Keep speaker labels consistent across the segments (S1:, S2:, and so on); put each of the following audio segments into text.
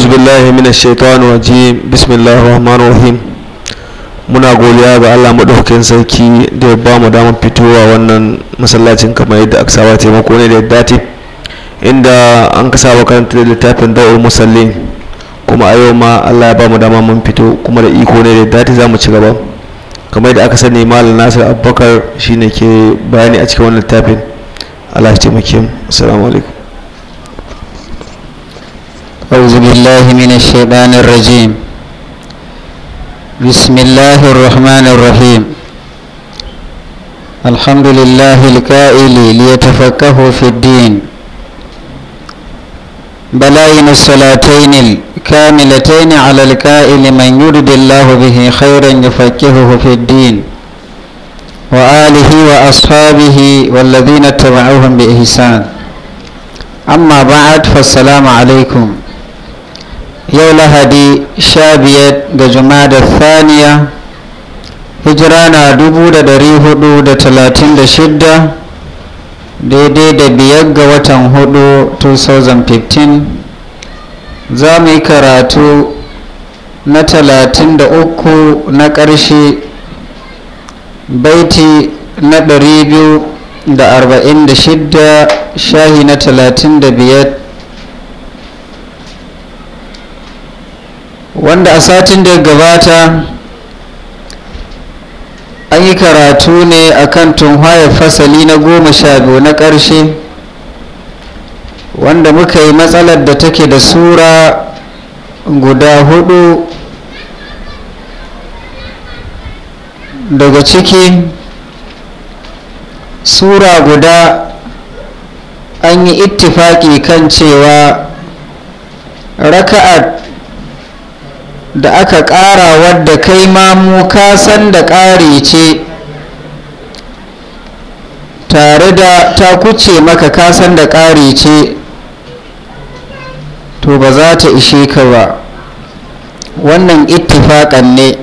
S1: a'udhu billahi minash shaitani rajim bismillahir rahmanir rahim muna godiya ga Allah madaukakin sarki da ya ba mu damar fitowa wannan masallacin kamar yadda aka saba taimako ne da yadda ta inda an ka saba kan da littafin da'ul musallin kuma a yau ma Allah ya ba mu dama mun fito kuma da iko ne da yadda za mu ci gaba kamar yadda aka sani malam Nasir Abubakar shine ke bayani a cikin wannan littafin Allah ya taimake mu assalamu alaikum
S2: أعوذ بالله من الشيطان الرجيم بسم الله الرحمن الرحيم الحمد لله الكائل ليتفكه في الدين بلاين الصلاتين الكاملتين على الكائل من يرد الله به خيرا يفكهه في الدين وآله وأصحابه والذين اتبعوهم بإحسان أما بعد فالسلام عليكم yau lahadi sha biyar ga juma'a da saniya hijira na dubu da dari hudu da talatin da shidda daidai da biyar ga watan hudu 2015 za mu yi karatu na talatin da uku na ƙarshe baiti na dari biyu da arba'in da shidda shahi na talatin da biyar wanda a satin da gabata an yi karatu ne a kan tunhaya fasali na goma sha biyu na ƙarshe wanda muka yi matsalar da take da sura guda hudu daga ciki sura guda an yi ittifaki kan cewa raka'at da aka ƙara wadda kai ma mu ka san da ƙare ce tare da ta kuce maka ka san da ƙare ce to ba za ta ishe ka ba wannan ittifaƙan ne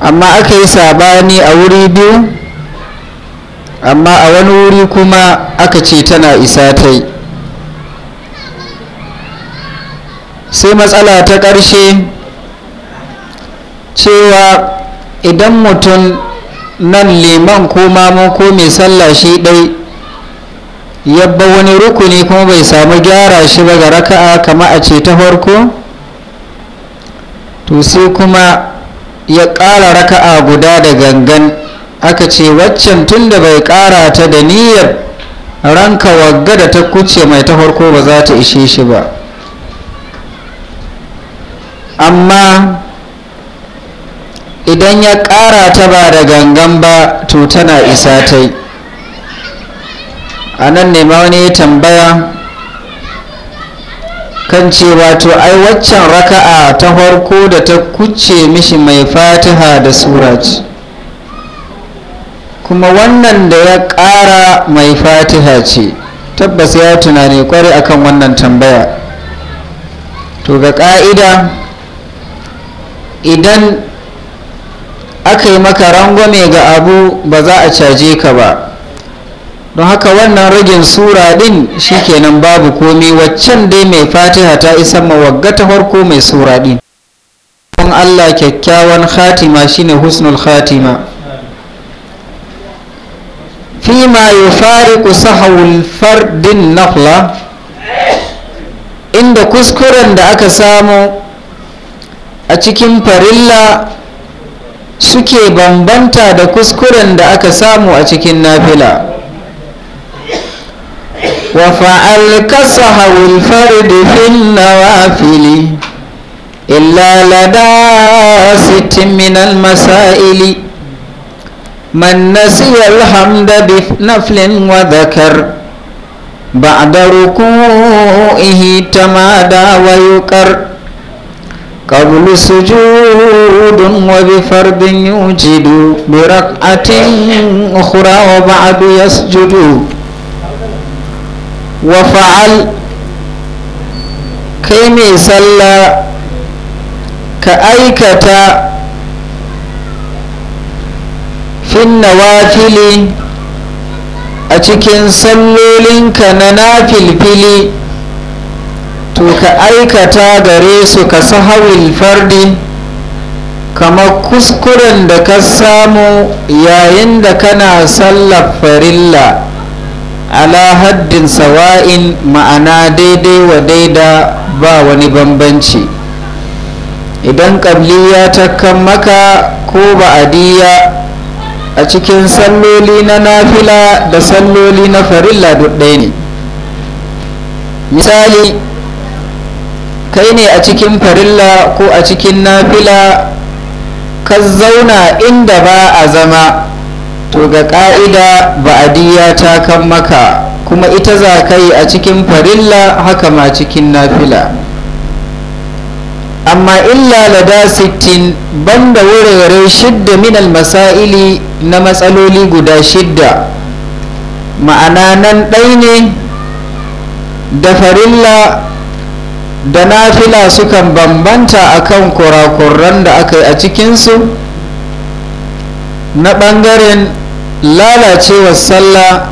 S2: amma aka yi sabani a wuri biyu amma a wani wuri kuma aka ce tana isa ta yi sai matsala ta ƙarshe cewa idan mutum nan liman ko mamu ko mai sallah shi ɗai yabba wani rukuni kuma bai samu gyara shi ba ga raka'a kama a ce ta farko to sai kuma ya ƙara raka'a guda da gangan aka ce waccan tun da bai ƙara ta da niyyar ranka wagga da ta kuce mai ta farko ba za ta ishe shi ba amma idan ya ƙara ta ba da gangan ba to tana isa ta yi a nan ne ma wani tambaya kan cewa to ai waccan raka'a ta farko da ta kuce mishi mai fatiha da suraj kuma wannan da ya ƙara mai fatiha ce tabbas ya tunani kwarai akan wannan tambaya to ga ƙa'ida idan aka yi maka rangwame ga abu ba za a caje ka ba don haka wannan ragin sura din shikenan babu komai waccan dai mai fatiha ta isa mawagga ta farko mai sura din don allah kyakkyawan khatima shine husnul khatima fima ku sahawul fardin nafla inda kuskuren da aka samu a cikin farilla suke bambanta da kuskuren da aka samu a cikin nafila wa fa'alka sahawul fardi fin nawafili illa lada sittin min masaili man nasiya alhamda bi naflin wa dhakar ba'da ruku'ihi tamada wa yuqar قبل سجود وبفرد يوجد بركعة أخرى وبعد يسجد وفعل كيمي سلى كأيكة في النوافل أتكن سلولين كننا في الفلي to ka aikata gare su ka sahawil fardi kamar kuskuren da ka samu yayin da kana sallar farilla ala haddin sawa'in ma'ana daidai wa daida ba wani bambanci idan ƙabliya ta kan maka ko ba'adiyya a cikin salloli na nafila da salloli na farilla duk ɗaya ne misali kai ne a cikin farilla ko a cikin nafila ka zauna inda ba a zama to ga ƙa'ida ba'adiyya ta kan maka kuma ita za ka yi a cikin farilla haka ma cikin nafila amma illa lada sittin banda wurare shidda minal masaili na matsaloli guda shidda ma'ana nan ɗai ne da farilla da nafila sukan bambanta akan kurakuran da aka yi a cikinsu na ɓangaren lalacewar sallah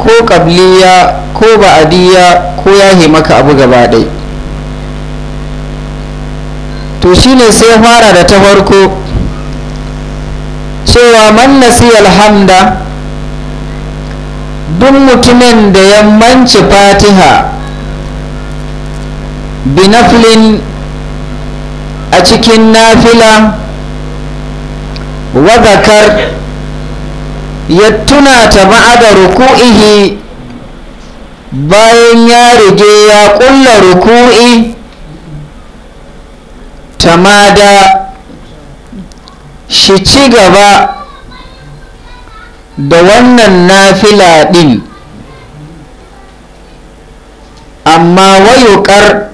S2: ko ƙabliya ko ba'adiyya ko ya maka abu gaba ɗai to shine sai fara da ta farko cewa man nasi alhamda. duk mutumin da ya manci fatiha binaflin a cikin nafila wadakar ya tuna ta ba'ada ruku'ihi bayan ya rige ya kulla ruku'i tamada shi ci gaba da wannan nafila ɗin amma wayuƙar.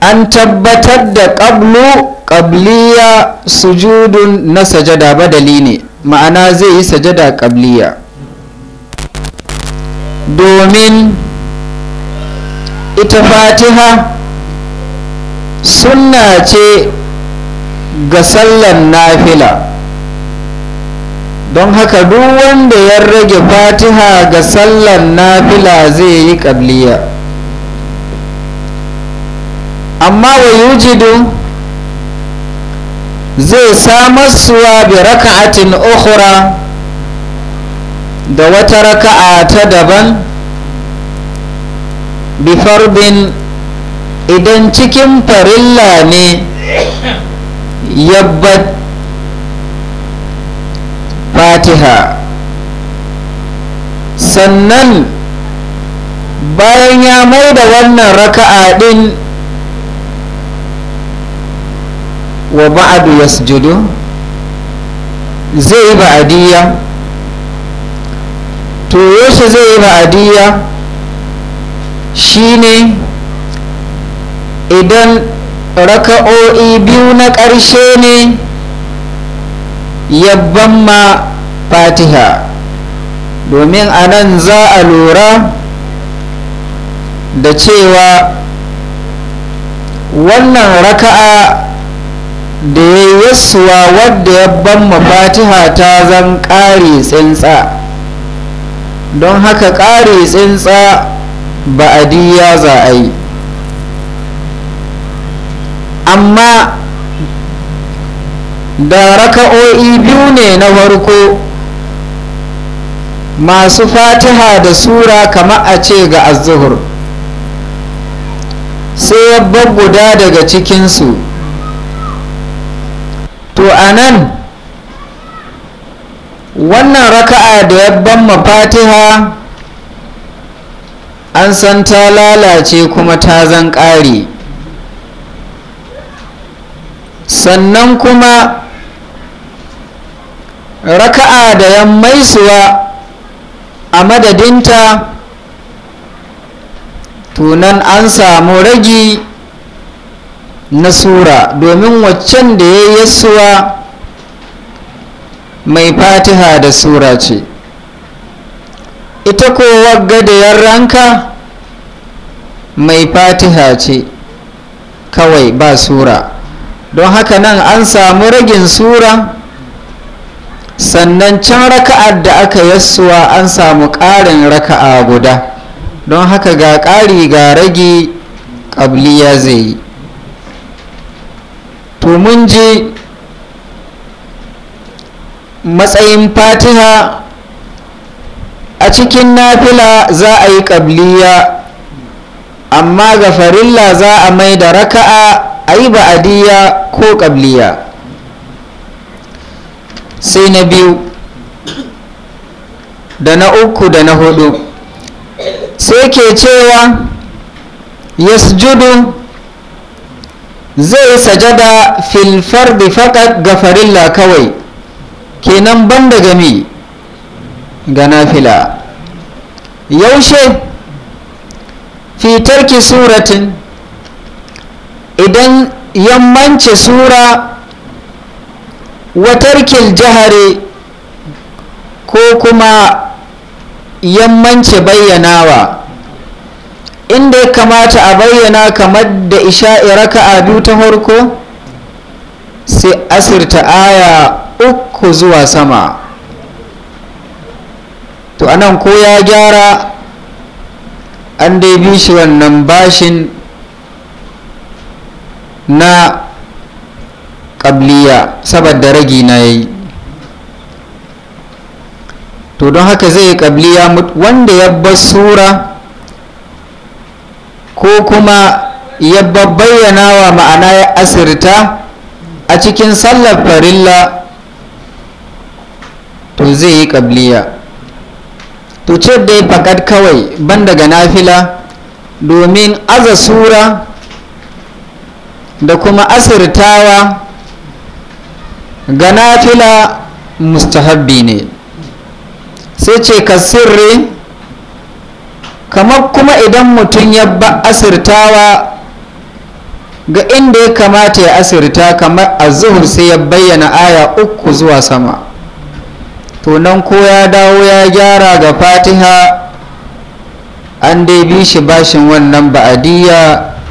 S2: an tabbatar da qablu qabliya sujudun na sajada badali ne ma'ana zai yi sajada qabliya domin ita fatiha sunna ce ga sallan nafila don haka duk wanda ya rage fatiha ga sallan nafila zai yi qabliya amma wa yujidu zai samar suwa bi raka'atin ukhra da wata raka'a ta daban bi farbin idan cikin farilla ne yabbat fatiha sannan bayan ya mai da wannan raka'a din wa ba'adu yasjudu zai yi ba'adiyya to yaushe zai yi ba'adiyya shine idan raka'o'i biyu na ƙarshe ne yabban ma fatiha domin a nan za a lura da cewa wannan raka'a da ya yi yasuwa wadda ya ban mafatiha ta zan ƙare tsintsa don haka ƙare tsintsa diya za a yi amma da raka'o'i biyu ne na farko masu fatiha da sura kama a ce ga azuhur sai ya guda daga cikinsu to a nan wannan raka'a da yabban mafatiha an san ta lalace kuma ta zan ƙari sannan kuma raka'a da yammaisuwa a madadinta tunan an samu ragi na sura domin waccan da ya yi yasuwa mai fatiha da sura ce ita ko wagga da yarranka mai fatiha ce kawai ba sura don haka nan an samu ragin sura sannan can raka'ar da aka yasuwa an samu ƙarin raka'a guda don haka ga ƙari ga ragi ƙabliya zai yi to mun ji matsayin fatiha a cikin nafila za a yi ƙabliya amma ga farilla za a mai da raka'a a yi ba'adiyya ko ƙabliya sai na biyu da na uku da na hudu sai ke cewa yasjudu zai sajada filfar da ga farilla kawai kenan ban da gami ga nafila yaushe fitar ki suratin idan yammanci sura watarkil jihari ko kuma yammanci bayyanawa inda ya kamata a bayyana kamar da isha'i raka'a biyu ta farko sai asirta aya uku zuwa sama to anan ko ya gyara an dai bi shi wannan bashin na ƙabliya saboda ragi na yayi to don haka zai ƙabliya wanda ya bar sura ko kuma ya bayyana wa ma'ana ya asirta a cikin sallar farilla to zai yi kabliya to ce dai fakad kawai ban daga nafila domin aza sura da kuma asirtawa ga nafila mustahabbi ne sai ce ka sirri kamar kuma idan mutum ya ba asirtawa ga inda ya kamata ya asirta kamar a zuhur sai ya bayyana aya uku zuwa sama to nan ko ya dawo ya gyara ga fatiha an dai bi shi bashin wannan ba'adiyya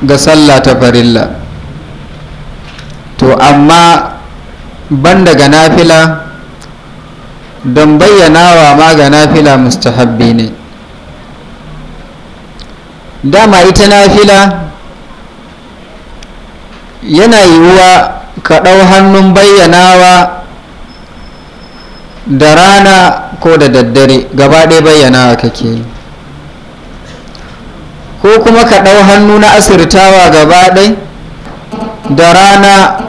S2: ga sallah ta farilla to amma ban daga nafila don bayyanawa ma ga nafila mustahabbi ne dama ita nafila yana yiwuwa ka ɗau hannun bayyanawa da rana ko da daddare gaba ɗaya bayyanawa kake yi ko kuma ka ɗau hannu na asirtawa gaba ɗai da rana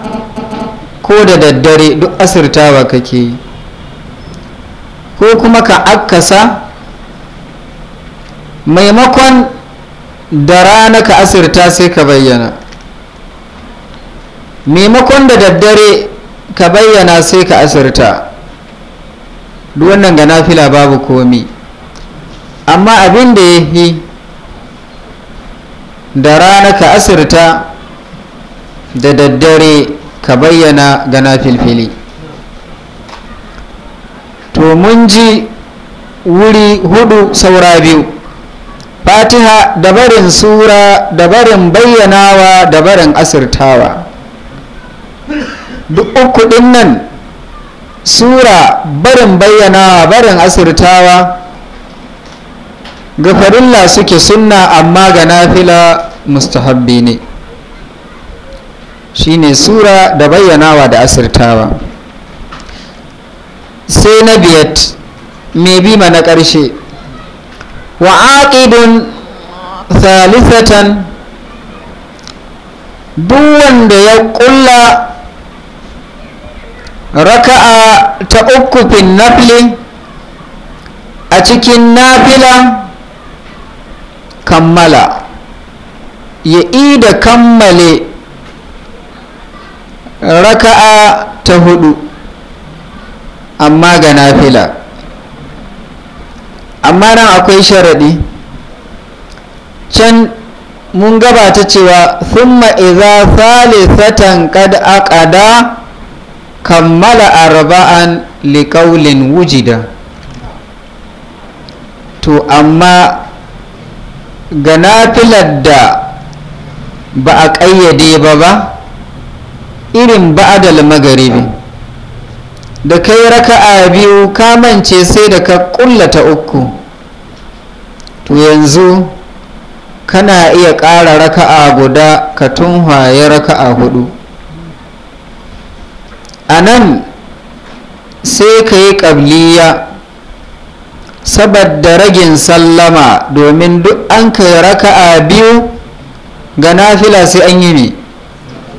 S2: ko da daddare duk asirtawa kake yi ko kuma ka akkasa maimakon da rana ka asirta sai ka bayyana maimakon da daddare ka bayyana sai ka asirta duk wannan ga nafila babu komi amma abin da ya yi da rana ka asirta da daddare ka bayyana ga nafilfili to mun ji wuri hudu saura biyu fatiha da barin sura da barin bayyanawa da barin asirtawa duk uku nan sura barin bayyanawa barin asirtawa ga farilla suke sunna amma ga nafila mustahabbi ne shine sura da bayyanawa da asirtawa sai na biyat mai bima na ƙarshe wa'aqidun thalithatan duk wanda ya kulla raka'a ta uku fin nafli a cikin nafila kammala ya ida kammale raka'a ta hudu amma ga nafila amma nan akwai sharaɗi can mun gabata cewa thumma iza thalithatan qad aqada kammala arba'an liqaulin wujida to amma ga nafilar da ba a ƙayyade ba ba irin ba'adal magharibi da kai raka'a biyu ka mance sai da ka kullata uku to yanzu kana iya ƙara raka'a guda ka tunhaye raka'a hudu a nan sai ka yi ƙabliya saboda ragin sallama domin duk an kai raka'a biyu ga nafila sai an yi ne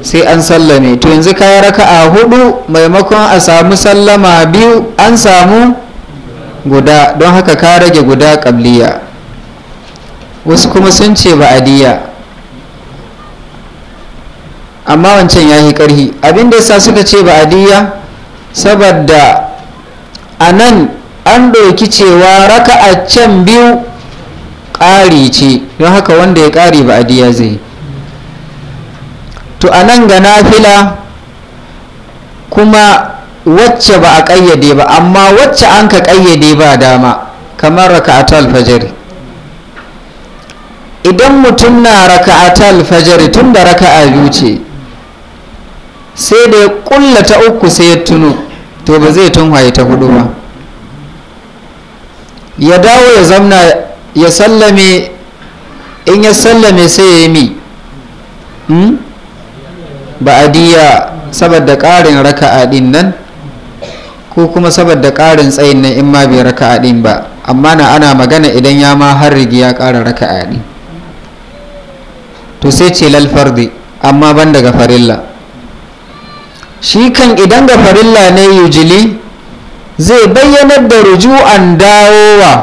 S2: sai an sallame to yanzu kayi raka'a hudu maimakon a samu sallama biyu an samu guda don haka ka rage guda kabliya wasu kuma sun ce ba'adiyya amma wancan ya yi karhi abinda yasa suka ce ba'adiyya saboda a nan an ɗauki cewa raka'a can biyu ƙari ce don haka wanda ya ƙari ba'adiyya zai yi to a nan ga nafila kuma wacce ba a ƙayyade ba amma wacce an ka ƙayyade ba dama kamar raka'atul fajr idan mutum na raka'atul fajr tun da raka'a biyu ce sai da ya kulla ta uku sai ya tuno to ba zai tunhaye ta hudu ba ya dawo ya zamna ya sallame in ya sallame sai ya yi mi hmm? ba'adiyya saboda ƙarin raka'a din nan ko kuma saboda ƙarin tsayin nan in ma bai raka'a din ba amma na ana magana idan ya ma har rigi ya ƙara raka'a din to sai ce lal fardi amma ban daga farilla shi kan idan ga farilla ne yujili zai bayyanar da ruju'an dawowa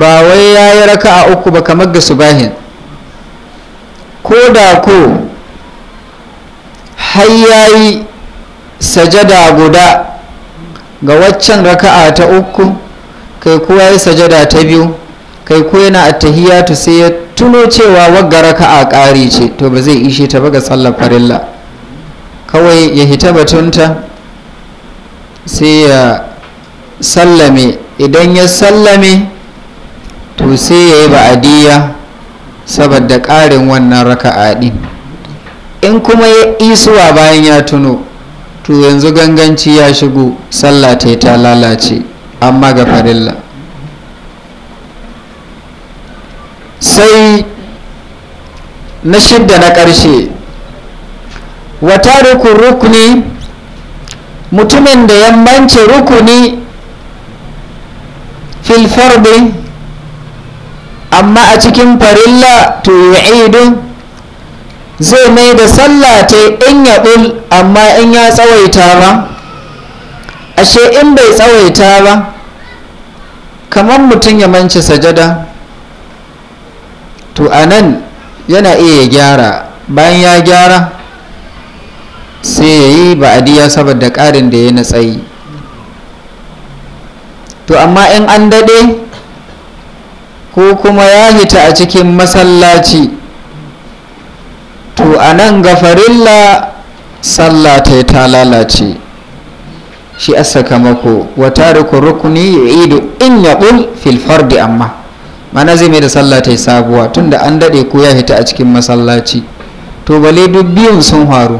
S2: ba wai ya yi raka'a uku ba kamar ga subahin ko da ko har yayi sajada guda ga waccan raka'a ta uku kai ko yayi sajada ta biyu kai ko yana a attahiyatu sai ya tuno cewa wagga raka'a ƙari ce to ba zai ishe ta ba ga sallar farilla kawai ya hita batunta sai ya sallame idan ya sallame to sai ya yi ba'adiyya saboda ƙarin wannan raka'a ɗin in kuma ya isuwa bayan ya tuno to yanzu ganganci ya shigo sallah ta ta lalace amma ga farilla sai na shidda na ƙarshe wata rukun rukuni mutumin da yammanci rukuni filfarbe amma a cikin farilla to yu'idun zai mai da sallah ta in ya dul, amma in ya tsawaita ba ashe in bai tsawaita ba kamar mutum ya manci sajada to a nan yana iya gyara bayan ya gyara sai ya yi ba'adiyya saboda ƙarin da ya na tsayi to amma in an daɗe ko kuma ya hita a cikin masallaci to a nan gafarilla sallah ta ta lalace shi a sakamako wata rukun rukuni ya idu in ya ɓul filfar da amma mana zai mai da sallah ta yi sabuwa tunda an daɗe ko ya hita a cikin masallaci to bale duk biyun sun faru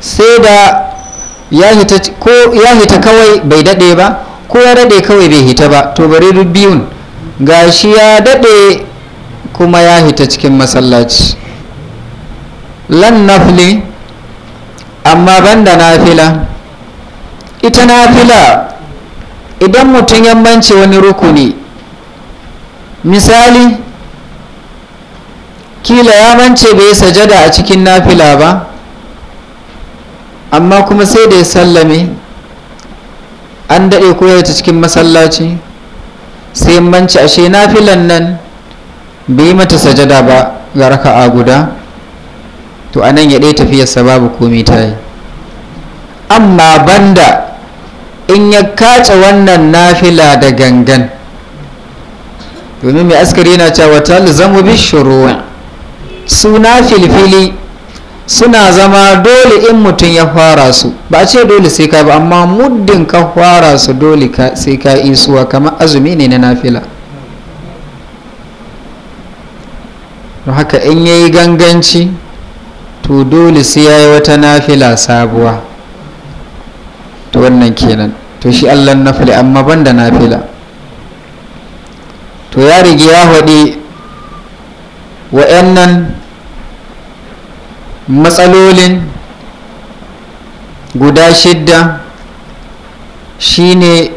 S2: sai da ya hita kawai bai daɗe ba ko ya daɗe kawai bai hita ba to bare duk biyun gashi ya daɗe kuma ya hita cikin masallaci lan nafli amma banda nafila ita nafila idan mutum ya bance wani rukuni misali kila ya bance bai sajada a cikin nafila ba amma kuma sai da ya sallame an daɗe ko ya cikin masallaci sai manci ashe nafilan nan bai yi mata sajada ba ga raka'a guda to anan ya ɗaya tafiyarsa babu komai ta yi amma banda in ya kace wannan nafila da gangan domin mai askari yana cewa ta zama bi shuruwa su na filfili suna zama dole in mutum ya fara su ba ce dole sai ka ba amma muddin ka fara su dole sai ka isuwa kamar azumi ne na nafila don haka in yayi ganganci to dole sai ya yi wata nafila sabuwa to wannan kenan to shi allah nafila amma banda nafila to ya rige ya haɗe wa'annan matsalolin guda shidda shine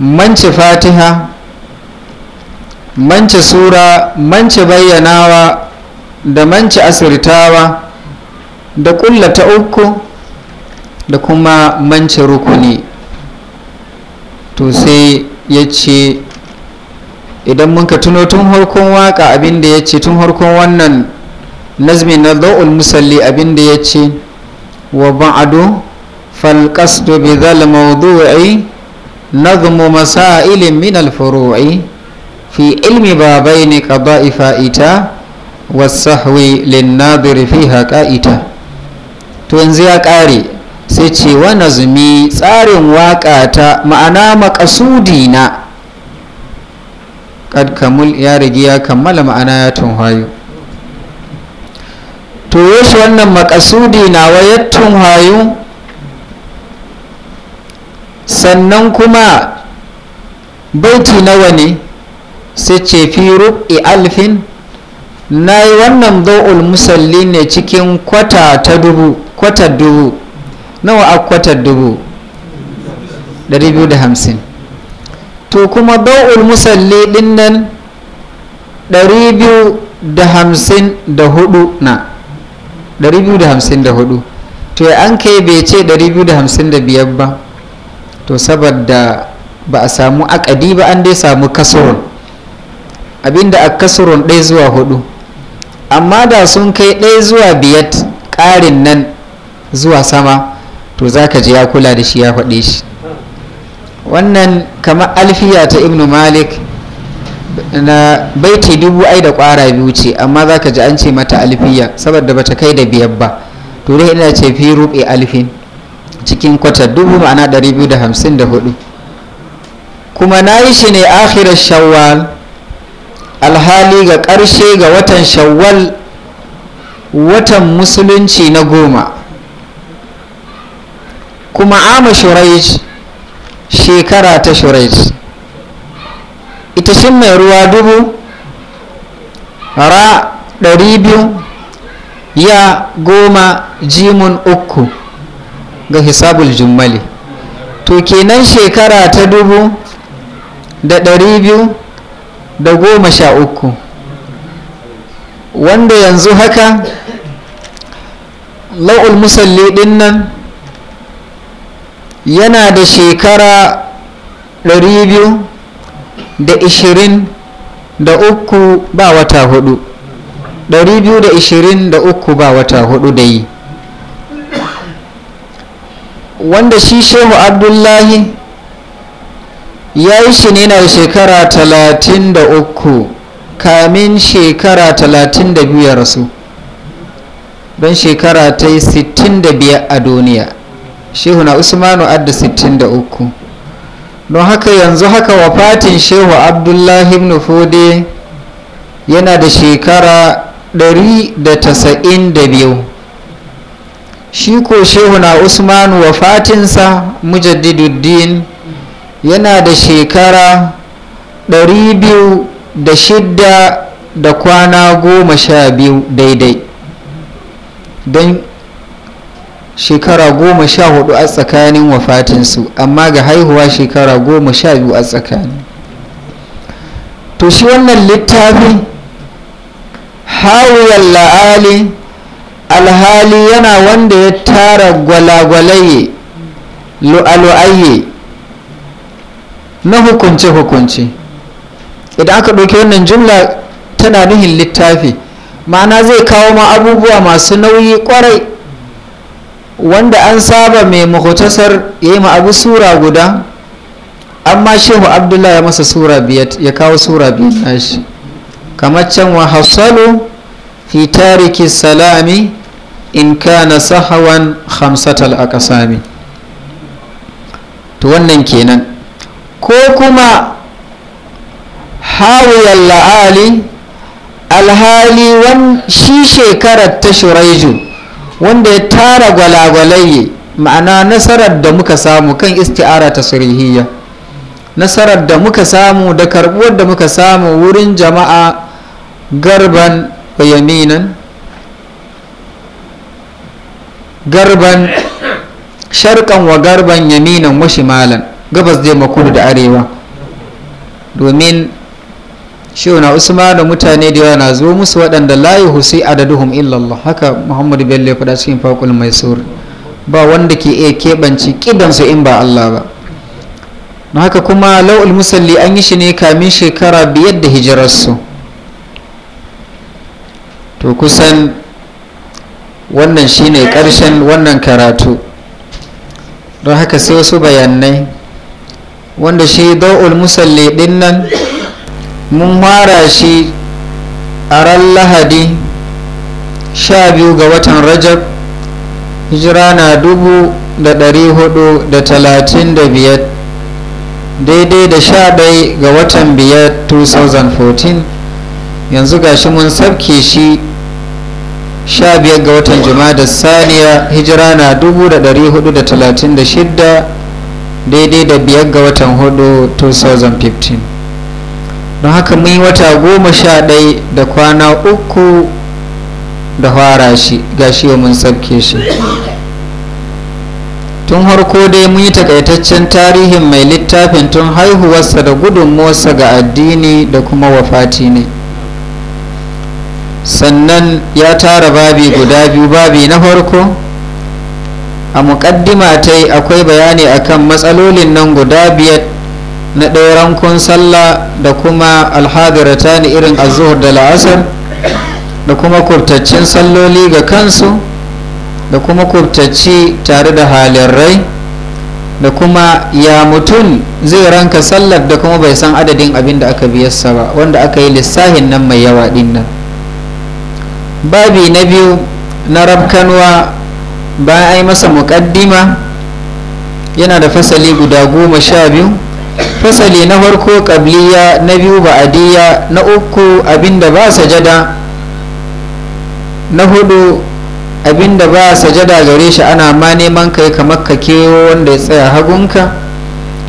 S2: manci fatiha manci sura manci bayyanawa da manci asirtawa da kulla ta uku da kuma manci rukuni to sai ya ce idan muka tuno tun harkon waka abinda ya ce tun harkon wannan nazmi na da'ul musalli abinda ya ce wa ba'adu falƙasdu bi zal mawdu'i nazmu masailin min alfuru'i fi ilmi babaini qada'i fa'ita wasahwi linnadiri fiha qa'ita to yanzu ya ƙare sai ce wa nazumi tsarin waƙa ta ma'ana maƙasudi na kad kamul ya rigi ya kammala ma'ana ya hayo to yesu wannan makasudi na wayattun hayu sannan kuma baiti nawa ne sai ce fi rub'i alfin na yi wannan zo'ul musalli ne cikin kwata ta dubu kwata dubu nawa a kwata dubu 250 to kuma zo'ul musalli din nan 254 na 254 to ya an kai bai ce 255 ba to saboda ba a samu akadi ba an dai samu kasurun abinda a kasurun ɗaya zuwa hudu amma da sun kai ɗaya zuwa 5 ƙarin nan zuwa sama to za ka ji ya kula da shi ya faɗe shi wannan kamar alfiya ta ibnu malik na baiti dubu ai da kwara biyu ce amma za ka ji an ce mata alfiya saboda bata kai da biyar ba to dai ina ce fi ruɓe alfin cikin kwata dubu ma'ana ɗari biyu da hamsin da hudu kuma na yi shi ne akhirar shawwal alhali ga ƙarshe ga watan shawwal watan musulunci na goma kuma ama shuraij shekara ta shuraij ita mai ruwa dubu ra ɗari biyu ya goma jimun uku ga hisabul jummali to kenan shekara ta dubu da ɗari biyu da goma sha uku wanda yanzu haka la'ul musalli ɗin nan yana da shekara ɗari biyu da ishirin da uku ba wata hudu ɗari biyu da ishirin da uku ba wata hudu da yi wanda shi shehu abdullahi ya yi shi ne na shekara talatin da uku kamin shekara talatin da biyu rasu don shekara ta yi sittin da biyar a duniya shehu na usmanu adda sittin da uku don haka yanzu haka wafatin shehu abdullahi ibn fode yana da shekara 192 shi ko shehu na usman wafatinsa mujaddiduddin yana da shekara 206 da kwana goma sha biyu daidai don shekara goma sha hudu a tsakanin wafatinsu amma ga haihuwa shekara goma sha biyu a tsakani to shi wannan littafin hawiyar la'ali alhali yana wanda ya tara gwalagwalaye lo'alo'aye na hukunce-hukunce idan aka ɗauki wannan jumla tana nuhin littafi ma'ana zai kawo ma abubuwa masu nauyi kwarai wanda an saba mai mahotasar ya yi abu sura guda amma shehu abdullahi ya masa sura biyar ya kawo sura biyar nashi kamar can wa hasalu fi tariki salami in kana sahawan hamsatal akasami to wannan kenan ko kuma hawiyar la'ali alhali shi shekarar ta shuraiju wanda ya tara gwalagwalai ma'ana nasarar da muka samu kan isti'ara ta surihiyya nasarar da muka samu da karbuwar da muka samu wurin jama'a garban wa yaminan garban sharkan wa garban yaminan wa shimalan gabas da makudu da arewa domin shiuna usma da mutane da yawa na zo musu waɗanda layi husai adaduhum illallah haka muhammad bello ya faɗa cikin fakul mai sur ba wanda ke iya keɓance ƙidansu in ba allah ba na haka kuma lau'ul musalli an yi shi ne kamin shekara biyar da hijirarsu to kusan wannan shine ƙarshen wannan karatu don haka sai wasu bayanai wanda shi dau'ul musalli ɗin nan mun mara shi a ran lahadi sha biyu ga watan rajab hijira na dubu da hudu da talatin da biyar daidai da sha ɗai ga watan biyar 2014 yanzu gashi mun sabke shi sha biyar ga watan da saniya hijira na dubu da hudu da talatin da shidda daidai da biyar ga watan hudu 2015 don haka mun yi wata goma sha ɗaya da kwana uku da fara shi ga shi mun tsabke shi tun harko dai mun yi takaitaccen tarihin mai littafin tun haihuwarsa da gudunmuwarsa ga addini da kuma wafati ne sannan ya tara babi guda biyu babi na farko a muƙaddima ta akwai bayani akan matsalolin nan guda biyar na ɗaya rankun sallah da kuma alhadirata ne irin azuhur da la'asar da kuma kubtaccen salloli ga kansu da kuma kubtacci tare da halin rai da kuma ya mutum zai ranka sallar da kuma bai san adadin abin da aka sa ba wanda aka yi lissahin nan mai yawa din nan babi na biyu na rabkanwa bayan ai masa mukaddima yana da fasali guda goma sha biyu fasali na farko kabliya na biyu ba'adiyya na uku abinda ba sajada na hudu abinda ba sajada gare shi ana ma neman kai kamar ka kewo wanda ya tsaya hagunka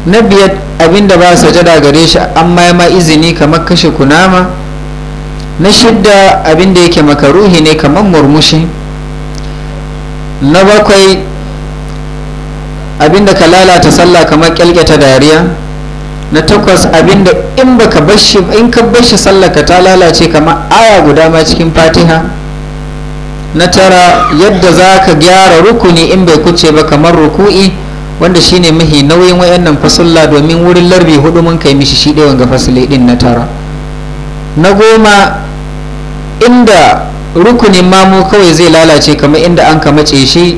S2: na biyar abinda ba sajada gare shi an ma ma izini kamar kashe kunama na shidda abinda yake makaruhi ne kamar murmushi na bakwai abinda ka lalata sallah kamar kyalkyata dariya na takwas abinda in baka bashi in ka bashi sallaka ta lalace kamar aya guda ma cikin fatiha na tara yadda za ka gyara rukuni in bai kuce ba kamar ruku'i wanda shine mahi nauyin wayannan fasulla domin wurin larbi hudu mun kai mishi shi ga fasule din na tara na goma inda rukunin mamu kawai zai lalace kamar inda an ka mace shi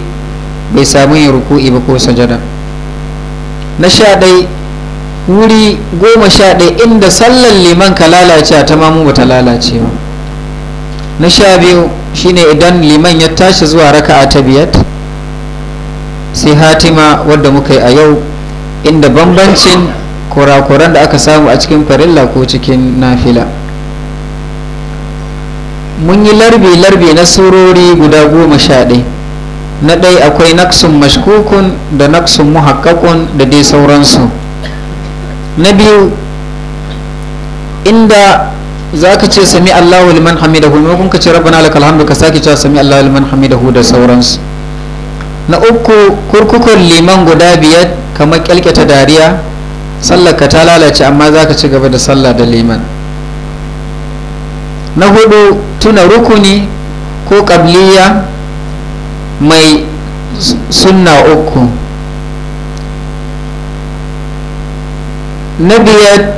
S2: bai samu yin ruku'i ba ko sajada na sha ɗaya wuri goma sha ɗaya inda sallar liman ka lalace ta mamu ba ta lalace ba na sha biyu shine idan liman ya tashi zuwa raka'a ta biyar sai hatima wadda muka yi a yau inda bambancin kurakuran da aka samu a cikin farilla ko cikin nafila mun yi larbe-larbe na surori guda goma sha ɗaya na ɗai akwai naksun mashkukun da naksun muhakkakun da dai sauransu na biyu inda za ka ce sami allahu liman hamidahu maimakon ka ce rabbana lakal hamdu ka sake cewa sami allahu liman hamidahu da sauransu na uku kurkukun liman guda biyar kamar kyalkyata dariya sallar ka ta lalace amma za ka ci gaba da sallah da liman na hudu tuna rukuni ko kabliya mai sunna uku na biyar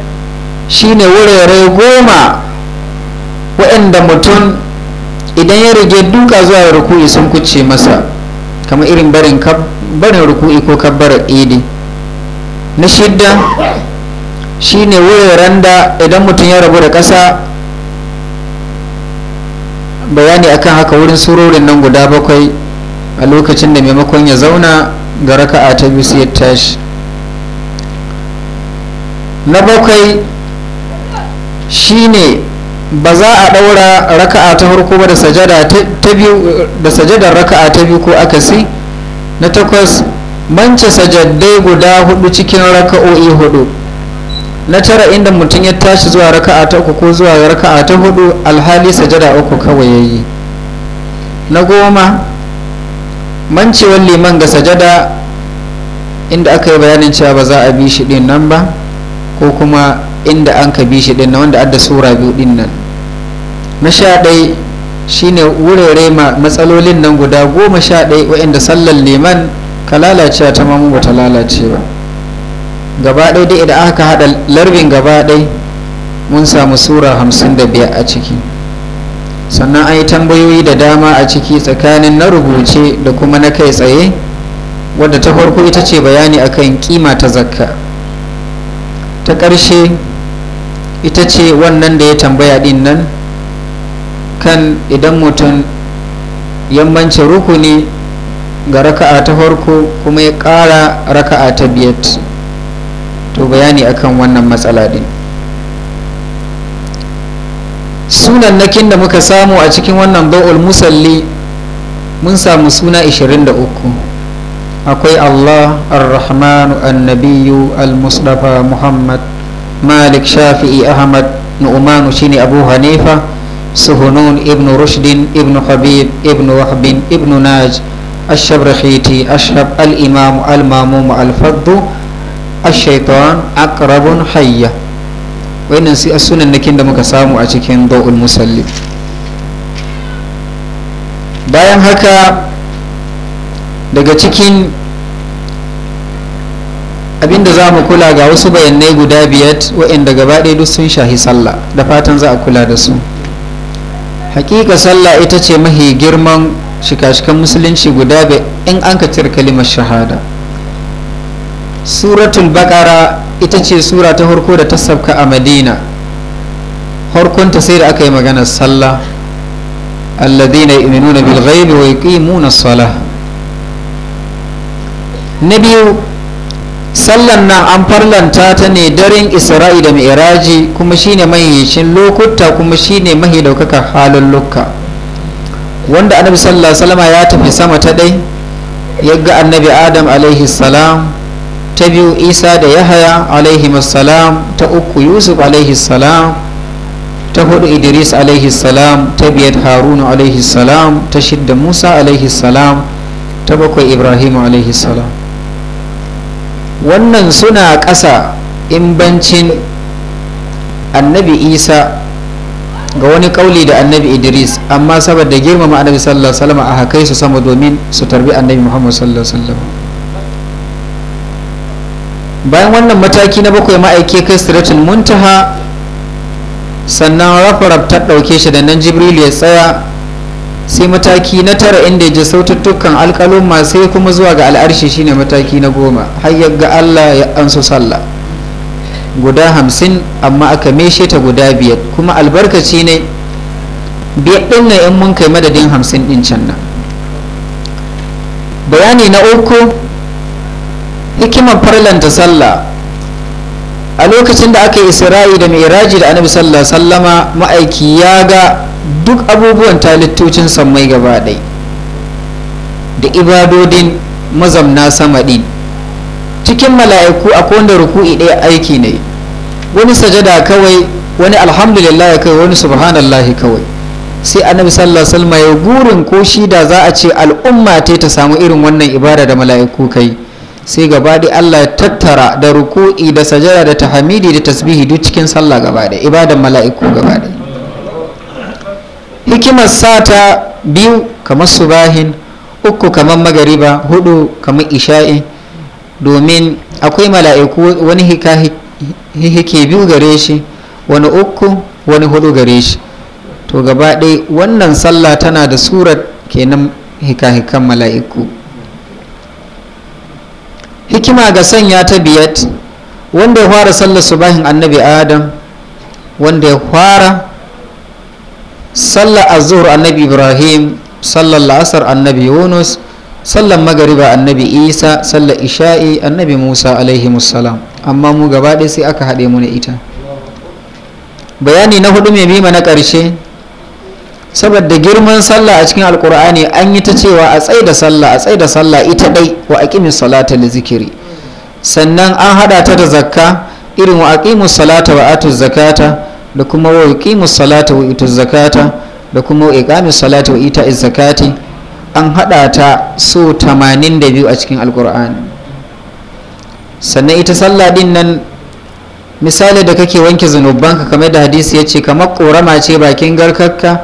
S2: shine wurare goma waɗanda mutum idan ya rige duka zuwa ruku'i sun kuce masa kamar irin barin barin ruku'i ko kabbar idi na shidda shine wuraren da idan mutum ya rabu da ƙasa bayani akan haka wurin surorin nan guda bakwai a lokacin da maimakon ya zauna ga raka'a ta biyu sai ya tashi na bakwai shine ba za a ɗaura raka'a ta farko ba da sajadar raka'a ta biyu ko akasi na takwas mance sajaddai guda hudu cikin raka'o'i hudu na tara inda mutum ya tashi zuwa raka'a ta uku ko zuwa raka'a ta hudu alhali sajada uku kawai yayi na goma mancewar liman ga sajada inda aka yi bayanin cewa ba za a bi shi din nan ba ko kuma inda an ka bi shi din na wanda adda sura biyu din nan na sha ɗai shine wurare ma matsalolin nan guda goma sha ɗai waɗanda sallar liman ka lalacewa ta mamu ba ta lalace ba gaba ɗai dai idan aka haɗa larbin gaba ɗai mun samu sura hamsin da biyar a ciki sannan an yi tambayoyi da dama a ciki tsakanin na rubuce da kuma na kai tsaye wadda ta farko ita ce bayani akan kima ta zakka ta ƙarshe ita ce wannan da ya tambaya din nan kan idan mutum yammanci rukuni ga raka'a ta farko kuma ya ƙara raka'a ta biyat to bayani akan wannan matsala din sunan nakin da muka samu a cikin wannan ba'ul musalli mun samu suna 23 akwai Allah ar-Rahmanu annabiyu al-Mustafa Muhammad Malik Shafi'i Ahmad Nu'manu shine Abu Hanifa Suhunun ibn Rushdin ibn Habib ibn Wahbin ibn Naj الشبرخيتي أشهب الإمام الماموم الفض الشيطان أقرب حيّة wayannan sai sunan nakin da muka samu a cikin da'ul musalli bayan haka daga cikin abinda za mu kula ga wasu bayanai guda biyar waɗanda gaba ɗaya duk sun shahi sallah da fatan za a kula da su hakika sallah ita ce mahi girman shika-shikan musulunci guda biyar in an ka cire kalimar shahada suratul bakara ita ce sura ta harko da ta sabka a madina harkonta sai da aka yi maganar sallah alladhina nuna bil wa yuqimuna as-salah na biyu sallan nan an farlanta ta ne daren isra'i da mi'raji kuma shine mahiyacin lokuta kuma shine mahi daukaka halin lukka wanda annabi sallallahu alaihi wasallam ya tafi sama ta dai ya ga annabi adam alaihi salam ta biyu isa da yahaya alaihi salam ta uku yusuf alaihi salam ta hudu idris alaihi salam ta biyar haruna alaihi salam ta shidda musa alaihi salam ta bakwai ibrahim alaihi salam wannan suna ƙasa in bancin annabi isa ga wani kauli da annabi idris amma saboda girmama annabi sallallahu alaihi wasallam a hakai su sama domin su tarbi annabi muhammad sallallahu alaihi wasallam bayan wannan mataki na bakwai ma'aike kai siratul muntaha sannan rafa ta ɗauke shi da nan jibril ya tsaya sai mataki na tara inda ya ji sautattukan alƙalumma sai kuma zuwa ga al'arshi shine mataki na goma har ga Allah ya ansu sallah guda hamsin amma aka meshe ta guda biyar kuma albarkaci ne biyar ɗin na in mun kai madadin hamsin ɗin can nan bayani na uku hikimar farlanta sallah a lokacin da aka yi isra'i da mai da annabi sallama ma'aiki ya ga duk abubuwan talittocin sammai gaba ɗai da ibadodin mazamna sama ɗin cikin mala'iku akwai wanda ruku'i ɗaya aiki ne wani sajada kawai wani alhamdulillah kawai wani subhanallah kawai sai annabi sallallahu alaihi wasallam ya gurin ko shi da za a ce al'umma ta ta samu irin wannan ibada da mala'iku kai sai gaba Allah ya tattara da ruku'i da sajada da tahmidi da tasbihi duk cikin sallah gaba da ibadan mala'iku gaba hikimar sata biyu kamar subahin uku kamar magariba hudu kamar isha'i domin akwai mala'iku wani hike biyu gare shi wani uku wani hudu gare shi to gaba ɗaya wannan sallah tana da surat kenan hika-hikan mala'iku hikima ga sanya ta biyat wanda ya fara sallar subahin annabi adam wanda ya fara sallar Azur, annabi ibrahim sallar la'asar annabi yunus sallar magariba annabi isa sallar isha'i annabi musa alaihi musallam amma mu gaba ɗaya sai aka haɗe mu na ita bayani na hudu mai bima na ƙarshe saboda girman sallah a cikin alkur'ani an yi ta cewa a tsaida da sallah a tsaida da sallah ita ɗai wa aqimis salata li zikiri sannan an haɗa ta da zakka irin wa aqimus salata wa atuz zakata da kuma wa yuqimu salata wa zakata da kuma wa iqami salata wa ita zakati an hada ta so 82 a cikin alqur'ani sannan ita sallah din nan misali da kake wanke ka kamar da hadisi ya ce kamar korama ce bakin garkarka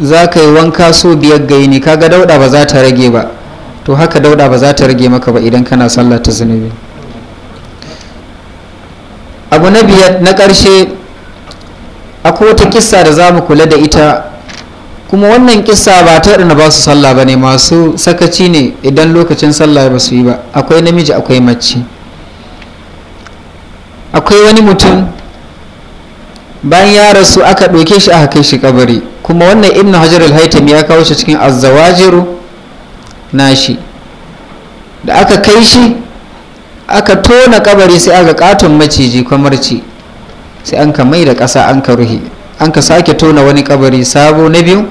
S2: za ka yi wanka so biyar gaini kaga dauda ba za ta rage ba to haka dauda ba za ta rage maka ba idan kana sallah ta zunubi abu na biyar na ƙarshe akwai wata kissa da zamu kula da ita kuma wannan kissa ba ta na ba su sallah ba ne masu sakaci ne idan lokacin sallah ba su yi ba akwai namiji akwai mace akwai wani mutum bayan ya rasu aka ɗauke shi aka kai shi kabari kuma wannan ibn hajar al-haitam ya kawo shi cikin azzawajiru nashi da aka kai shi aka tona kabari sai aka katon maciji kwamarci sai an ka mai da ƙasa an ka ruhe an ka sake tona wani kabari sabo na biyu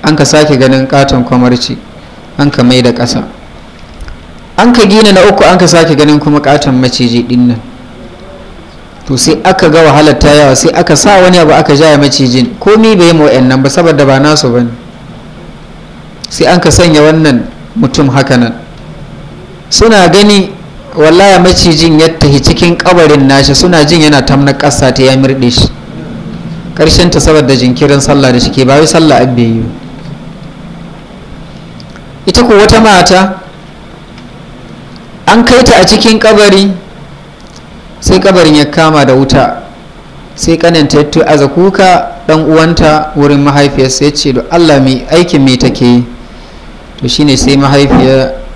S2: an ka sake ganin katon kwamarci an ka mai da ƙasa an ka gina na uku an ka sake ganin kuma katon maciji dinnan to sai aka ga wahalar ta yawa sai aka sa wani abu aka jaya macijin komi bai mu wa'annan ba saboda ba nasu bane sai an ka sanya wannan mutum hakanan suna gani wallahi macijin ya tahi cikin kabarin nashi suna jin yana tamna kasa ta ya mirɗe shi karshen ta saboda jinkirin sallah da shike ba wai sallah abbe yi ita ko wata mata an kai ta a cikin kabari sai kabarin ya kama da wuta sai kananta ya aza kuka dan uwanta wurin mahaifiyarsa ya ce da allah mai aikin me take yi to shine sai mahaifiyar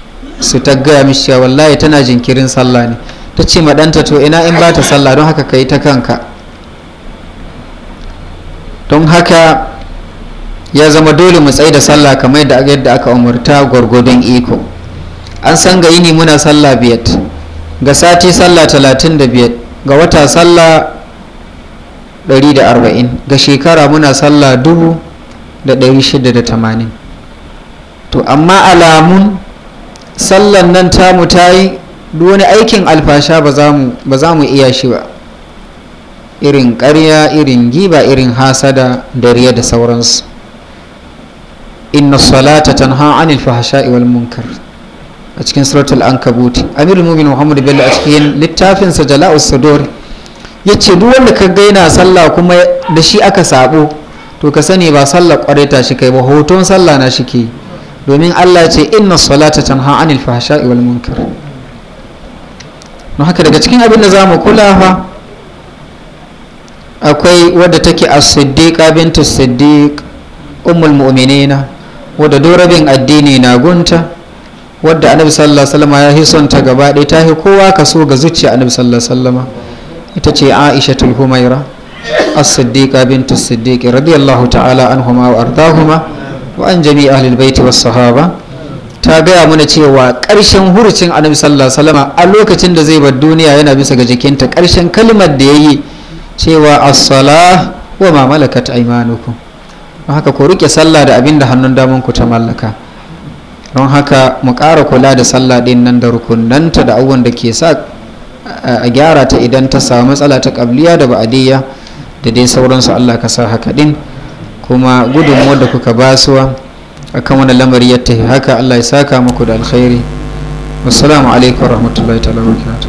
S2: su ta gaya mishi cewa wallahi tana jinkirin sallah ne ta ce ma ɗanta to ina in ba ta sallah don haka ka yi ta kanka don haka ya zama dole mu tsaye da sallah kamar yadda aka umarta gwargwadon iko an san ga yini muna sallah biyat ga sati sallah talatin da biyat ga wata sallah ɗari da arba'in ga shekara muna sallah dubu da ɗari shida da tamanin to amma alamun sallan nan tamu ta yi wani aikin alfasha ba za mu iya shi ba irin karya irin giba irin hasada dariya da sauransu inna salata tanha anil fahsha'i wal munkar a cikin suratul ankabut amirul mu'min muhammad bello a cikin littafin sa jala'us sudur yace duk wanda ka ga yana sallah kuma da shi aka sabo to ka sani ba sallah kware ta shi kai ba hoton sallah na shi ke domin Allah ya ce inna salata tanha anil fahsha'i wal munkar no haka daga cikin abin da zamu kula fa akwai wadda take as-siddiqa bintu siddiq ummul mu'minina wadda dorabin addini na gunta wadda annabi sallallahu alaihi wasallam ya hisonta gaba ɗaya ta hi kowa kaso ga zuciya annabi sallallahu alaihi wasallam ita ce Aisha humaira as-siddiqa bintu siddiq radiyallahu ta'ala anhuma wa ardahuma wa'an jami ahlul baiti was sahaba ta gaya mana cewa ƙarshen hurucin annabi sallallahu alaihi wasallam a lokacin da zai bar duniya yana bisa ga jikinta ƙarshen kalmar da yayi cewa as-salah wa ma malakat aymanukum don haka ku rike sallah da abin da hannun daman ku ta mallaka don haka mu ƙara kula da sallah din nan da rukunanta da abubuwan da ke sa a gyara ta idan ta samu matsala ta kabliya da ba'adiyya da dai sauransu Allah ka sa haka din kuma gudunmuwar da kuka basuwa akan wani lamari ya tafi haka allah ya saka muku da alkhairi wassalamu alaikum rahmatullahi ta'ala wabarakatuh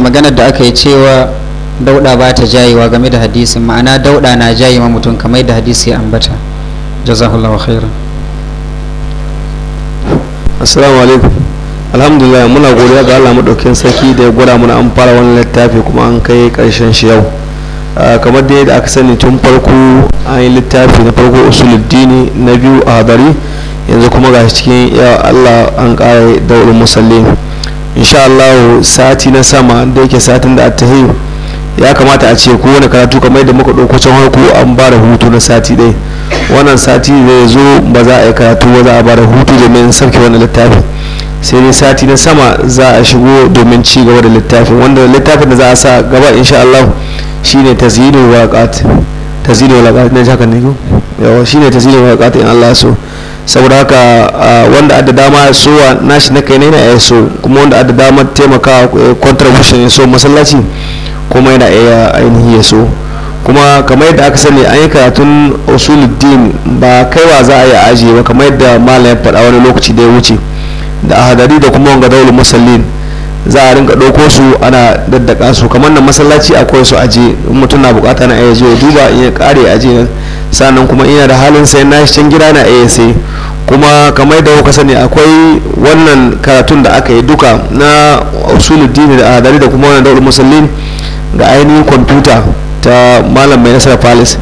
S2: maganar da aka yi cewa dauda ba ta jayewa game da hadisin ma'ana dauda na jayewa mutum kamar da hadisi ya ambata jazakallahu khairan
S1: assalamu alaikum alhamdulillah muna godiya ga Allah madaukin sarki da ya gwada mana an fara wannan littafi kuma an kai karshen shi yau kamar da yadda aka sani tun farko an yi littafi na farko usuluddini na biyu a hadari yanzu kuma ga cikin ya Allah an kare daurin musallin insha Allah sati na sama da yake satin da ta ya kamata a ce kowane karatu kamar yadda muka ɗauko can harko an ba da hutu na sati ɗaya wannan sati zai zo ba za a yi karatu ba za a ba da hutu domin sauke wannan littafi sai dai sati na sama za a shigo domin ci gaba da littafin wanda littafin da za a sa gaba insha Allah shine tazidu waqat tazidu waqat ne haka ne ko yawa shine tazidu waqat in Allah so saboda haka wanda adda dama sowa nashi na kai ne na so kuma wanda adda dama taimaka eh, contribution ya so masallaci kuma yana iya ainihi ya so kuma kamar yadda aka sani an yi karatun usuluddin ba kaiwa za a yi aji ba kamar yadda malam ya faɗa wani lokaci da ya wuce da hadari da kuma wanga daulul musallin za a rinka ɗauko su ana daddaka su kamar nan masallaci akwai su aje mutum na bukata na aje duba in ya kare aje nan sannan kuma ina da halin sai na shi can gida na iya sai kuma kamar da kuka sani akwai wannan karatun da aka yi duka na dini da adari da kuma wannan daular musallin ga ainihin kwamfuta ta malam mai nasara palace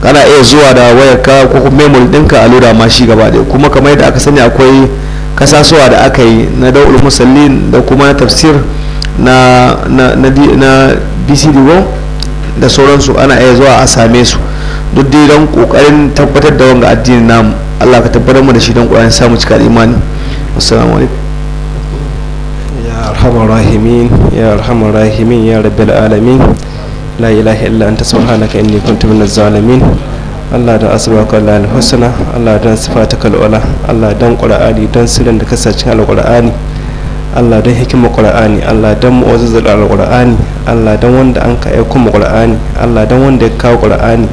S1: kana iya zuwa da wayar ka ko kuma memory dinka a lura ma shi gaba ɗaya kuma kamar da aka sani akwai kasasuwa da aka yi na daular musallin da kuma na tafsir na na na, da sauransu ana iya zuwa a same su duk dai don kokarin tabbatar da wanga addinin namu Allah ka tabbatar mu da shi don kokarin samu cika da imani assalamu alaikum ya arhamar rahimin ya arhamar rahimin ya
S3: rabbil alamin la ilaha illa anta subhanaka inni kuntu minaz zalimin Allah da asbaka lal husna Allah dan sifataka ula Allah dan qur'ani dan sirrin da kasance alqur'ani Allah don hikima Qur'ani Allah don mu'azzazul Qur'ani Allah don wanda an ka aiko mu Qur'ani Allah don wanda ya kawo Qur'ani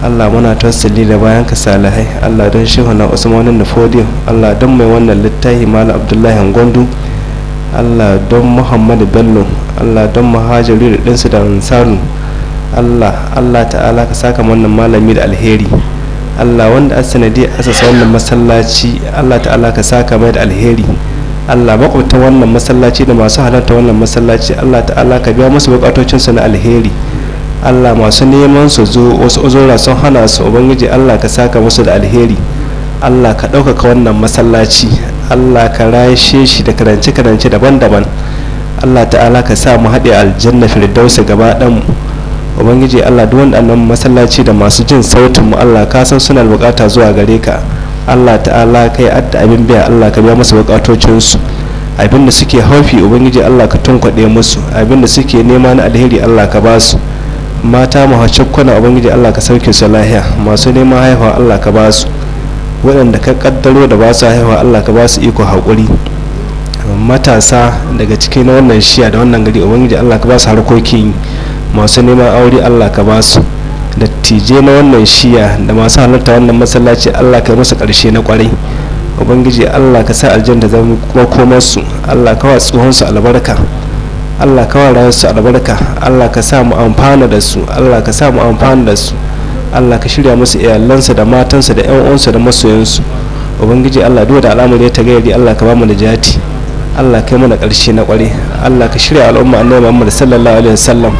S3: Allah muna tawassuli da bayan ka salihai Allah don shehu na Usmanin Nufodiyo Allah don mai wannan littafi Malam Abdullahi gondu Allah don Muhammadu Bello Allah don Muhajiru da ɗinsu da Ansaru Allah Allah ta'ala ka saka wannan malami da alheri Allah wanda a sanadi asasa wannan masallaci Allah ta'ala ka saka mai da alheri Allah makwabta wannan masallaci da masu halarta wannan masallaci Allah ta'ala ka biya musu bukatocinsu na alheri allah masu neman su zo wasu uzura sun hana su ubangiji allah ka saka musu da alheri allah ka ɗaukaka wannan masallaci allah ka rashe shi da karance karance daban-daban allah ta'ala ka sa mu haɗe aljanna firdausa gaba ɗan ubangiji allah duk wanda annan masallaci da masu jin sautin mu allah ka san suna bukata zuwa gare ka allah ta'ala kai adda abin biya allah ka biya musu bukatocinsu abin da suke haufi ubangiji allah ka tunkwaɗe musu abin da suke nema na alheri allah ka ba su mata mahaucin kwana ubangiji allah ka sauke su lahiya masu neman haifa allah ka ba su waɗanda ka kaddaro da ba su haifa allah ka ba su iko haƙuri matasa daga cikin wannan shiya da wannan gari ubangiji allah ka ba su harkokin masu neman aure allah ka ba su dattijai na wannan shiya da masu halarta wannan masallaci allah ka yi musu ƙarshe na ƙwarai ubangiji allah ka sa aljanna zama komarsu allah ka wa tsohonsu albarka allah ka kawai rayuwarsu albarka allah ka sa mu amfana da su allah ka sa mu amfana da su allah ka shirya musu iyalansa da matansa da yan da masoyansu ubangiji allah duk da al'amari ya tagayyari allah ka ba mu najati allah kai mana ƙarshe na ƙware allah ka shirya al'umma annabi muhammad sallallahu alaihi wasallam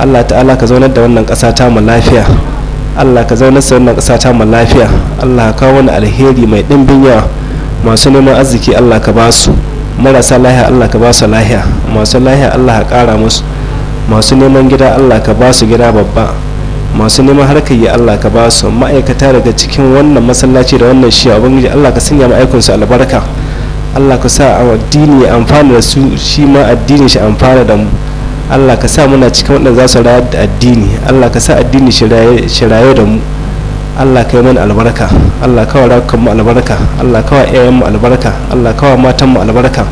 S3: allah ta'ala ka zaunar da wannan ƙasa ta mu lafiya allah ka zaunar da wannan ƙasa ta mu lafiya allah ka kawo wani alheri mai ɗimbin yawa masu neman arziki allah ka ba su marasa lahiya allah ka ba su lahiya masu lahiya allah ka kara musu masu neman gida allah ka ba su gida babba masu neman harkar yi allah ka ba su ma'aikata daga cikin wannan masallaci da wannan shiya gida allah ka sanya ma'aikunsu albarka allah ka sa addini ya amfana da su shi ma addini shi amfana da mu allah ka sa muna cikin waɗanda za su rayar da addini allah ka sa addini shi raye da mu Allah kai mana albarka Allah kawai rakan mu albarka Allah kawai ƴaƴan mu albarka Allah kawai matan mu albarka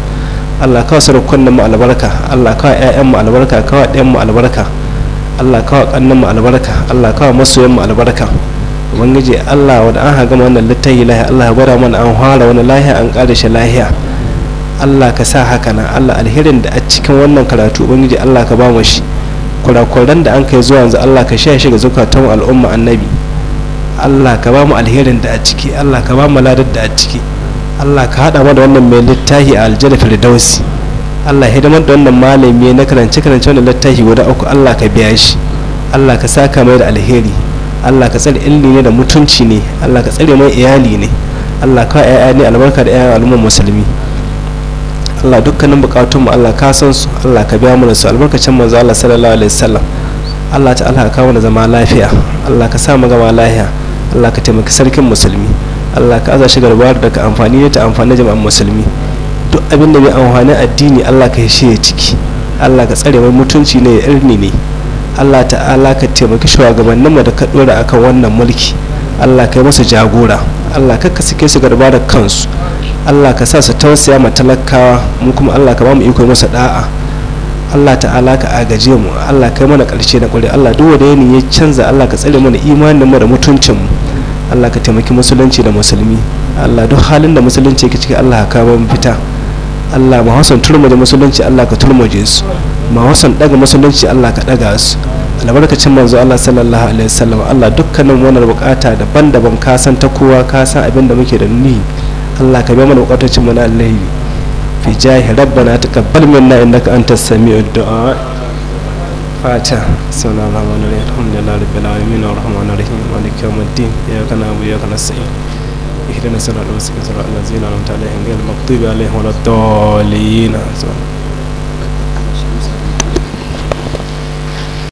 S3: Allah kawai sarakunan mu albarka Allah kawai ƴaƴan mu albarka kawai ɗayan mu albarka Allah kawai kannan mu albarka Allah kawai masoyan mu albarka ubangiji Allah wanda an haga wannan littafi lahiya Allah ya gwada mana an fara wani lahiya an ƙare shi lahiya Allah ka sa haka nan Allah alherin da a cikin wannan karatu ubangiji Allah ka ba mu shi kurakuran da an kai zuwa yanzu Allah ka sha shi ga zukatan al'umma annabi Allah ka ba mu alherin da a ciki Allah ka ba mu ladar da a ciki Allah ka haɗa mana da wannan mai littafi a aljanna firdausi Allah hidimar da wannan malami na karance karance wannan littafi guda uku Allah ka biya shi Allah ka saka mai da alheri Allah ka tsare illi ne da mutunci ne Allah ka tsare mai iyali ne Allah ka ya'ya ne albarka da ya'ya al'ummar musulmi Allah dukkanin bukatun mu Allah ka san su Allah ka biya mana su albarkacin manzo Allah sallallahu alaihi wasallam Allah Allah ka kawo mana zama lafiya Allah ka sa mu gama lafiya Allah ka taimaki sarkin musulmi Allah ka aza shi garbar da ka amfani da ta amfani jama'an musulmi duk abin da bai amfani addini Allah ka shi ya ciki Allah ka tsare mai mutunci ne ya irni ne Allah ta'ala ka taimaki shugabannin mu da ka dora akan wannan mulki Allah ka yi masa jagora Allah ka sake su garba da kansu Allah ka sa su tausaya ma talakawa mu kuma Allah ka ba mu iko masa da'a Allah ta'ala ka agaje mu Allah kai mana ƙarshe na kware Allah duk wanda ya canza Allah ka tsare mana imanin mu da mutuncin mu Allah ka taimaki musulunci da musulmi Allah duk halin da musulunci yake ciki Allah ka kawo fita Allah ma turma da musulunci Allah ka turmaje su ma wasan daga musulunci Allah ka daga su albarkacin manzo Allah sallallahu alaihi wasallam Allah dukkanin wannan bukata daban-daban ka san ta kowa ka san abin da muke da ni Allah ka biya mana bukatocin mu na alheri fi jahi rabbana taqabbal minna innaka antas sami'ud du'a fata sallallahu wa wa rahim maliki yawmiddin iyyaka na'budu wa iyyaka nasta'in اهدنا الصراط المستقيم صراط الذين انعمت